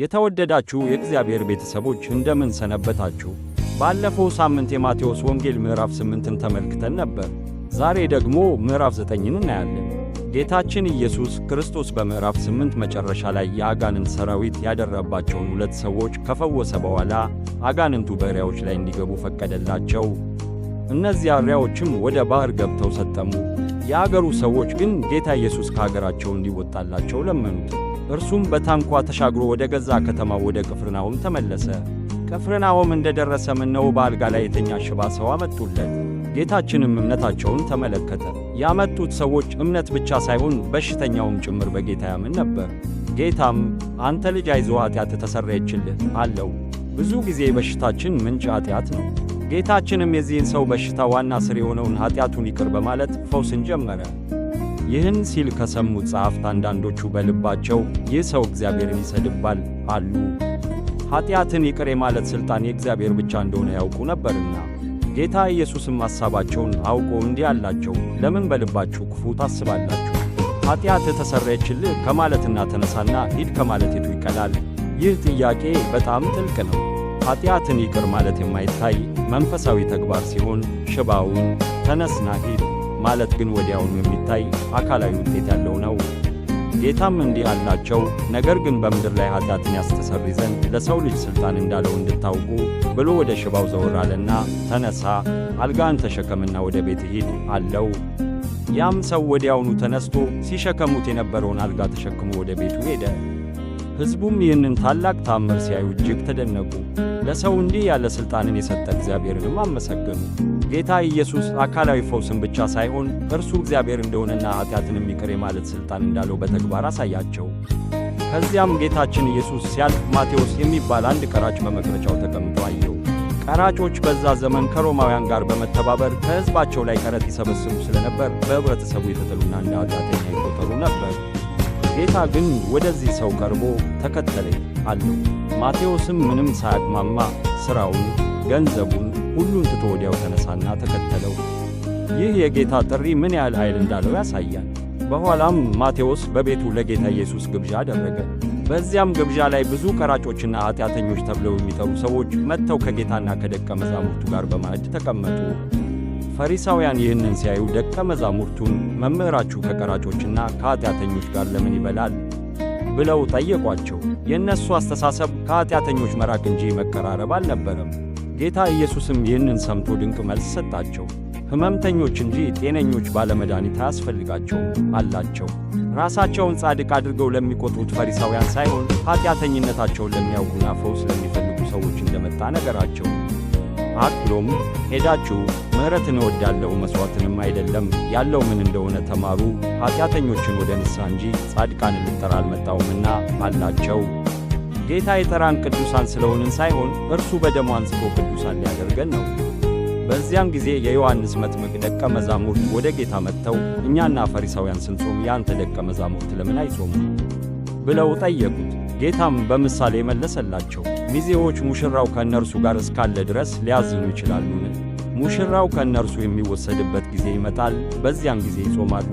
የተወደዳችሁ የእግዚአብሔር ቤተሰቦች እንደምን ሰነበታችሁ? ባለፈው ሳምንት የማቴዎስ ወንጌል ምዕራፍ 8 ተመልክተን ነበር። ዛሬ ደግሞ ምዕራፍ 9 እናያለን። ጌታችን ኢየሱስ ክርስቶስ በምዕራፍ 8 መጨረሻ ላይ የአጋንንት ሰራዊት ያደረባቸውን ሁለት ሰዎች ከፈወሰ በኋላ አጋንንቱ በእሪያዎች ላይ እንዲገቡ ፈቀደላቸው። እነዚያ እሪያዎችም ወደ ባሕር ገብተው ሰጠሙ። የአገሩ ሰዎች ግን ጌታ ኢየሱስ ከአገራቸው እንዲወጣላቸው ለመኑት። እርሱም በታንኳ ተሻግሮ ወደ ገዛ ከተማው ወደ ቅፍርናሆም ተመለሰ። ቅፍርናሆም እንደ ደረሰ ምነው በአልጋ ላይ የተኛ ሽባ ሰው አመጡለት። ጌታችንም እምነታቸውን ተመለከተ። ያመጡት ሰዎች እምነት ብቻ ሳይሆን በሽተኛውም ጭምር በጌታ ያምን ነበር። ጌታም አንተ ልጅ አይዞህ፣ ኃጢአትህ ተሰረየችልህ አለው። ብዙ ጊዜ በሽታችን ምንጭ ኃጢአት ነው። ጌታችንም የዚህን ሰው በሽታ ዋና ስር የሆነውን ኃጢአቱን ይቅር በማለት ፈውስን ጀመረ። ይህን ሲል ከሰሙት ጸሐፍት አንዳንዶቹ በልባቸው ይህ ሰው እግዚአብሔርን ይሰድባል አሉ። ኀጢአትን ይቅር የማለት ሥልጣን የእግዚአብሔር ብቻ እንደሆነ ያውቁ ነበርና። ጌታ ኢየሱስም ሐሳባቸውን አውቆ እንዲህ አላቸው፣ ለምን በልባችሁ ክፉ ታስባላችሁ? ኀጢአት ተሰረየችልህ ከማለትና ተነሳና ሂድ ከማለት የቱ ይቀላል? ይህ ጥያቄ በጣም ጥልቅ ነው። ኀጢአትን ይቅር ማለት የማይታይ መንፈሳዊ ተግባር ሲሆን ሽባውን ተነስና ሂድ ማለት ግን ወዲያውኑ የሚታይ አካላዊ ውጤት ያለው ነው። ጌታም እንዲህ አላቸው፣ ነገር ግን በምድር ላይ ኃጢአትን ያስተሰሪ ዘንድ ለሰው ልጅ ሥልጣን እንዳለው እንድታውቁ ብሎ ወደ ሽባው ዘወር አለና፣ ተነሳ አልጋን ተሸከምና ወደ ቤት ሂድ አለው። ያም ሰው ወዲያውኑ ተነስቶ ሲሸከሙት የነበረውን አልጋ ተሸክሞ ወደ ቤቱ ሄደ። ሕዝቡም ይህንን ታላቅ ታምር ሲያዩ እጅግ ተደነቁ። ለሰው እንዲህ ያለ ሥልጣንን የሰጠ እግዚአብሔርንም አመሰገኑ። ጌታ ኢየሱስ አካላዊ ፈውስን ብቻ ሳይሆን እርሱ እግዚአብሔር እንደሆነና ኃጢአትንም ይቅር የማለት ሥልጣን እንዳለው በተግባር አሳያቸው። ከዚያም ጌታችን ኢየሱስ ሲያልፍ ማቴዎስ የሚባል አንድ ቀራጭ በመቅረጫው ተቀምጦ አየው። ቀራጮች በዛ ዘመን ከሮማውያን ጋር በመተባበር ከሕዝባቸው ላይ ቀረጥ ይሰበስቡ ስለነበር በኅብረተሰቡ የተጠሉና እንደ ኃጢአተኛ ይቆጠሩ ነበር። ጌታ ግን ወደዚህ ሰው ቀርቦ ተከተለኝ አለው። ማቴዎስም ምንም ሳያቅማማ ሥራውን ገንዘቡን ሁሉን ትቶ ወዲያው ተነሳና ተከተለው። ይህ የጌታ ጥሪ ምን ያህል ኃይል እንዳለው ያሳያል። በኋላም ማቴዎስ በቤቱ ለጌታ ኢየሱስ ግብዣ አደረገ። በዚያም ግብዣ ላይ ብዙ ቀራጮችና ኃጢአተኞች ተብለው የሚጠሩ ሰዎች መጥተው ከጌታና ከደቀ መዛሙርቱ ጋር በማዕድ ተቀመጡ። ፈሪሳውያን ይህንን ሲያዩ ደቀ መዛሙርቱን መምህራችሁ ከቀራጮችና ከኃጢአተኞች ጋር ለምን ይበላል ብለው ጠየቋቸው። የእነሱ አስተሳሰብ ከኃጢአተኞች መራቅ እንጂ መቀራረብ አልነበረም። ጌታ ኢየሱስም ይህንን ሰምቶ ድንቅ መልስ ሰጣቸው። ሕመምተኞች እንጂ ጤነኞች ባለመድኃኒት አያስፈልጋቸውም አላቸው። ራሳቸውን ጻድቅ አድርገው ለሚቆጥሩት ፈሪሳውያን ሳይሆን ኀጢአተኝነታቸውን ለሚያውቁና ፈውስ ለሚፈልጉ ሰዎች እንደመጣ ነገራቸው። አክሎም ሄዳችሁ ምሕረትን እወዳለሁ መሥዋዕትንም አይደለም ያለው ምን እንደሆነ ተማሩ፣ ኀጢአተኞችን ወደ ንስሐ እንጂ ጻድቃን ልጠራ አልመጣሁምና አላቸው። ጌታ የጠራን ቅዱሳን ስለሆንን ሳይሆን እርሱ በደሙ አንጽቶ ቅዱሳን ሊያደርገን ነው። በዚያም ጊዜ የዮሐንስ መጥምቅ ደቀ መዛሙርት ወደ ጌታ መጥተው እኛና ፈሪሳውያን ስንጾም የአንተ ደቀ መዛሙርት ለምን አይጾሙ ብለው ጠየቁት። ጌታም በምሳሌ መለሰላቸው። ሚዜዎች ሙሽራው ከእነርሱ ጋር እስካለ ድረስ ሊያዝኑ ይችላሉን? ሙሽራው ከእነርሱ የሚወሰድበት ጊዜ ይመጣል፣ በዚያም ጊዜ ይጾማሉ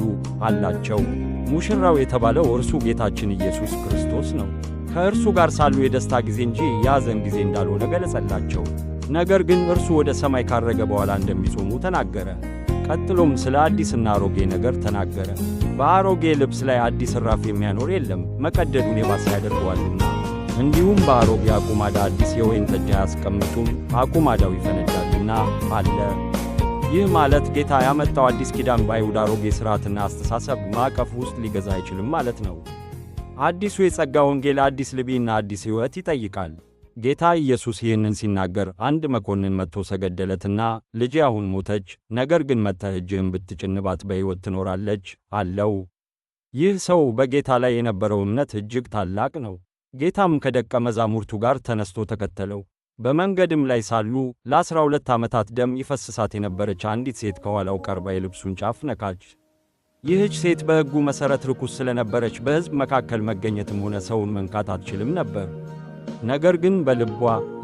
አላቸው። ሙሽራው የተባለው እርሱ ጌታችን ኢየሱስ ክርስቶስ ነው። ከእርሱ ጋር ሳሉ የደስታ ጊዜ እንጂ የሐዘን ጊዜ እንዳልሆነ ገለጸላቸው። ነገር ግን እርሱ ወደ ሰማይ ካረገ በኋላ እንደሚጾሙ ተናገረ። ቀጥሎም ስለ አዲስና አሮጌ ነገር ተናገረ። በአሮጌ ልብስ ላይ አዲስ እራፍ የሚያኖር የለም፣ መቀደዱን የባሰ ያደርገዋልና። እንዲሁም በአሮጌ አቁማዳ አዲስ የወይን ጠጅ አያስቀምጡም፣ አቁማዳው ይፈነዳልና አለ። ይህ ማለት ጌታ ያመጣው አዲስ ኪዳን በአይሁድ አሮጌ ሥርዓትና አስተሳሰብ ማዕቀፍ ውስጥ ሊገዛ አይችልም ማለት ነው። አዲሱ የጸጋ ወንጌል አዲስ ልቤና አዲስ ሕይወት ይጠይቃል። ጌታ ኢየሱስ ይህንን ሲናገር አንድ መኮንን መጥቶ ሰገደለትና ልጄ አሁን ሞተች፣ ነገር ግን መጥተህ እጅህን ብትጭንባት በሕይወት ትኖራለች አለው። ይህ ሰው በጌታ ላይ የነበረው እምነት እጅግ ታላቅ ነው። ጌታም ከደቀ መዛሙርቱ ጋር ተነስቶ ተከተለው። በመንገድም ላይ ሳሉ ለአስራ ሁለት ዓመታት ደም ይፈስሳት የነበረች አንዲት ሴት ከኋላው ቀርባ የልብሱን ጫፍ ነካች። ይህች ሴት በሕጉ መሠረት ርኩስ ስለነበረች በሕዝብ መካከል መገኘትም ሆነ ሰውን መንካት አትችልም ነበር። ነገር ግን በልቧ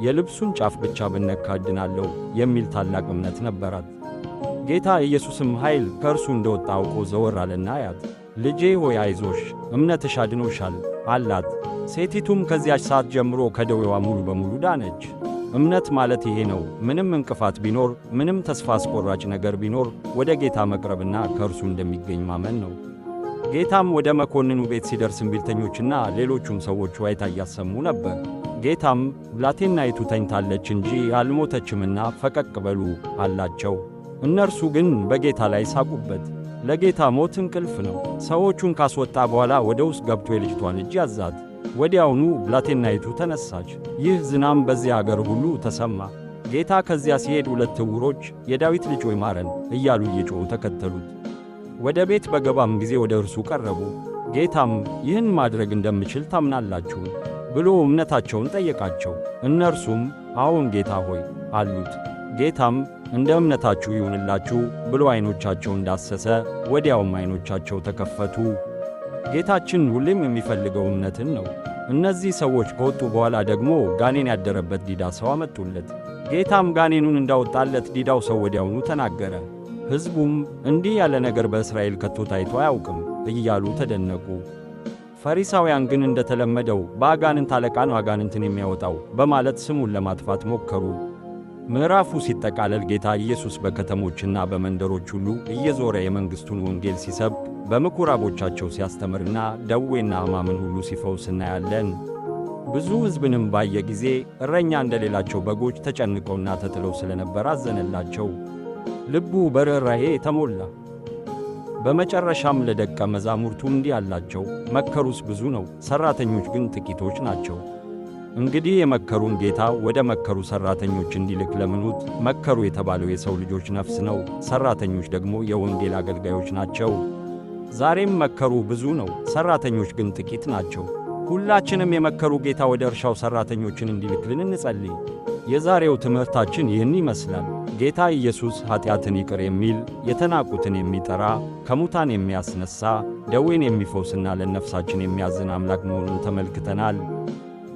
የልብሱን ጫፍ ብቻ ብነካ እድናለሁ የሚል ታላቅ እምነት ነበራት። ጌታ ኢየሱስም ኃይል ከእርሱ እንደወጣ አውቆ ዘወር አለና አያት። ልጄ ሆይ አይዞሽ፣ እምነትሽ አድኖሻል አላት። ሴቲቱም ከዚያች ሰዓት ጀምሮ ከደዌዋ ሙሉ በሙሉ ዳነች። እምነት ማለት ይሄ ነው። ምንም እንቅፋት ቢኖር፣ ምንም ተስፋ አስቆራጭ ነገር ቢኖር ወደ ጌታ መቅረብና ከእርሱ እንደሚገኝ ማመን ነው። ጌታም ወደ መኮንኑ ቤት ሲደርስ እምቢልተኞችና ሌሎቹም ሰዎች ዋይታ እያሰሙ ነበር። ጌታም ብላቴናይቱ ተኝታለች እንጂ አልሞተችምና ፈቀቅ በሉ አላቸው። እነርሱ ግን በጌታ ላይ ሳቁበት። ለጌታ ሞት እንቅልፍ ነው። ሰዎቹን ካስወጣ በኋላ ወደ ውስጥ ገብቶ የልጅቷን እጅ ያዛት። ወዲያውኑ ብላቴናይቱ ተነሳች። ይህ ዝናም በዚያ አገር ሁሉ ተሰማ። ጌታ ከዚያ ሲሄድ ሁለት ዕውሮች የዳዊት ልጅ ሆይ ማረን እያሉ እየጮኹ ተከተሉት። ወደ ቤት በገባም ጊዜ ወደ እርሱ ቀረቡ። ጌታም ይህን ማድረግ እንደምችል ታምናላችሁ ብሎ እምነታቸውን ጠየቃቸው። እነርሱም አዎን ጌታ ሆይ አሉት። ጌታም እንደ እምነታችሁ ይሁንላችሁ ብሎ ዐይኖቻቸው ዳሰሰ። ወዲያውም ዐይኖቻቸው ተከፈቱ። ጌታችን ሁሌም የሚፈልገው እምነትን ነው። እነዚህ ሰዎች ከወጡ በኋላ ደግሞ ጋኔን ያደረበት ዲዳ ሰው አመጡለት። ጌታም ጋኔኑን እንዳወጣለት ዲዳው ሰው ወዲያውኑ ተናገረ። ሕዝቡም እንዲህ ያለ ነገር በእስራኤል ከቶ ታይቶ አያውቅም እያሉ ተደነቁ። ፈሪሳውያን ግን እንደተለመደው በአጋንንት አለቃ ነው አጋንንትን የሚያወጣው በማለት ስሙን ለማጥፋት ሞከሩ። ምዕራፉ ሲጠቃለል ጌታ ኢየሱስ በከተሞችና በመንደሮች ሁሉ እየዞረ የመንግሥቱን ወንጌል ሲሰብክ በምኵራቦቻቸው ሲያስተምርና ደዌና ሕማምን ሁሉ ሲፈውስ እናያለን። ብዙ ሕዝብንም ባየ ጊዜ እረኛ እንደሌላቸው በጎች ተጨንቀውና ተጥለው ስለነበር አዘነላቸው፣ ልቡ በርኅራኄ ተሞላ። በመጨረሻም ለደቀ መዛሙርቱ እንዲህ አላቸው፣ መከሩስ ብዙ ነው፣ ሠራተኞች ግን ጥቂቶች ናቸው። እንግዲህ የመከሩን ጌታ ወደ መከሩ ሠራተኞች እንዲልክ ለምኑት። መከሩ የተባለው የሰው ልጆች ነፍስ ነው፣ ሠራተኞች ደግሞ የወንጌል አገልጋዮች ናቸው። ዛሬም መከሩ ብዙ ነው፣ ሠራተኞች ግን ጥቂት ናቸው። ሁላችንም የመከሩ ጌታ ወደ እርሻው ሠራተኞችን እንዲልክልን እንጸልይ። የዛሬው ትምህርታችን ይህን ይመስላል። ጌታ ኢየሱስ ኀጢአትን ይቅር የሚል የተናቁትን የሚጠራ ከሙታን የሚያስነሣ ደዌን የሚፈውስና ለነፍሳችን የሚያዝን አምላክ መሆኑን ተመልክተናል።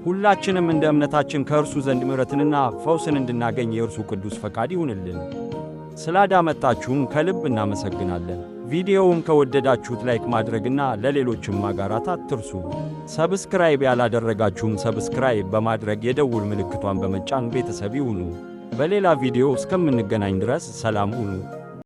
ሁላችንም እንደ እምነታችን ከእርሱ ዘንድ ምሕረትንና ፈውስን እንድናገኝ የእርሱ ቅዱስ ፈቃድ ይሁንልን። ስላዳመጣችሁን ከልብ እናመሰግናለን። ቪዲዮውን ከወደዳችሁት ላይክ ማድረግና ለሌሎችም ማጋራት አትርሱ። ሰብስክራይብ ያላደረጋችሁም ሰብስክራይብ በማድረግ የደውል ምልክቷን በመጫን ቤተሰብ ይሁኑ። በሌላ ቪዲዮ እስከምንገናኝ ድረስ ሰላም ሁኑ።